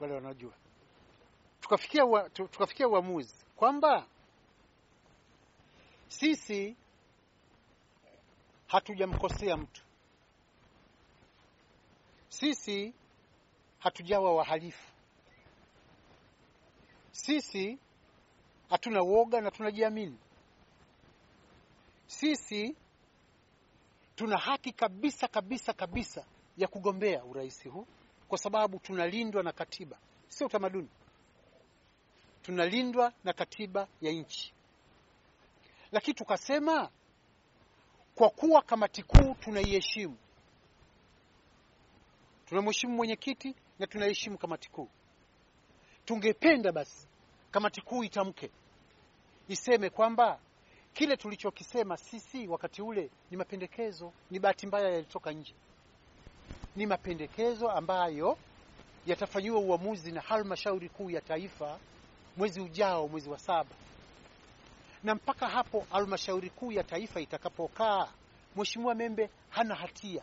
wale wanajua tukafikia wa, tukafikia uamuzi kwamba sisi hatujamkosea mtu, sisi hatujawa wahalifu, sisi hatuna woga na tunajiamini, sisi tuna haki kabisa kabisa kabisa ya kugombea urais huu kwa sababu tunalindwa na katiba, sio utamaduni. Tunalindwa na katiba ya nchi, lakini tukasema kwa kuwa kamati kuu tunaiheshimu, tunamheshimu mwenyekiti na tunaheshimu kamati kuu, tungependa basi kamati kuu itamke, iseme kwamba kile tulichokisema sisi wakati ule ni mapendekezo, ni bahati mbaya yalitoka nje ni mapendekezo ambayo yatafanyiwa uamuzi na halmashauri kuu ya taifa mwezi ujao, mwezi wa saba, na mpaka hapo halmashauri kuu ya taifa itakapokaa, mheshimiwa Membe hana hatia.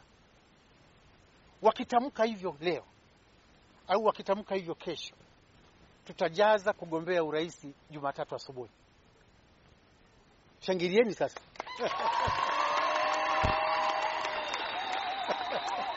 Wakitamka hivyo leo au wakitamka hivyo kesho, tutajaza kugombea urais Jumatatu asubuhi. Shangilieni sasa.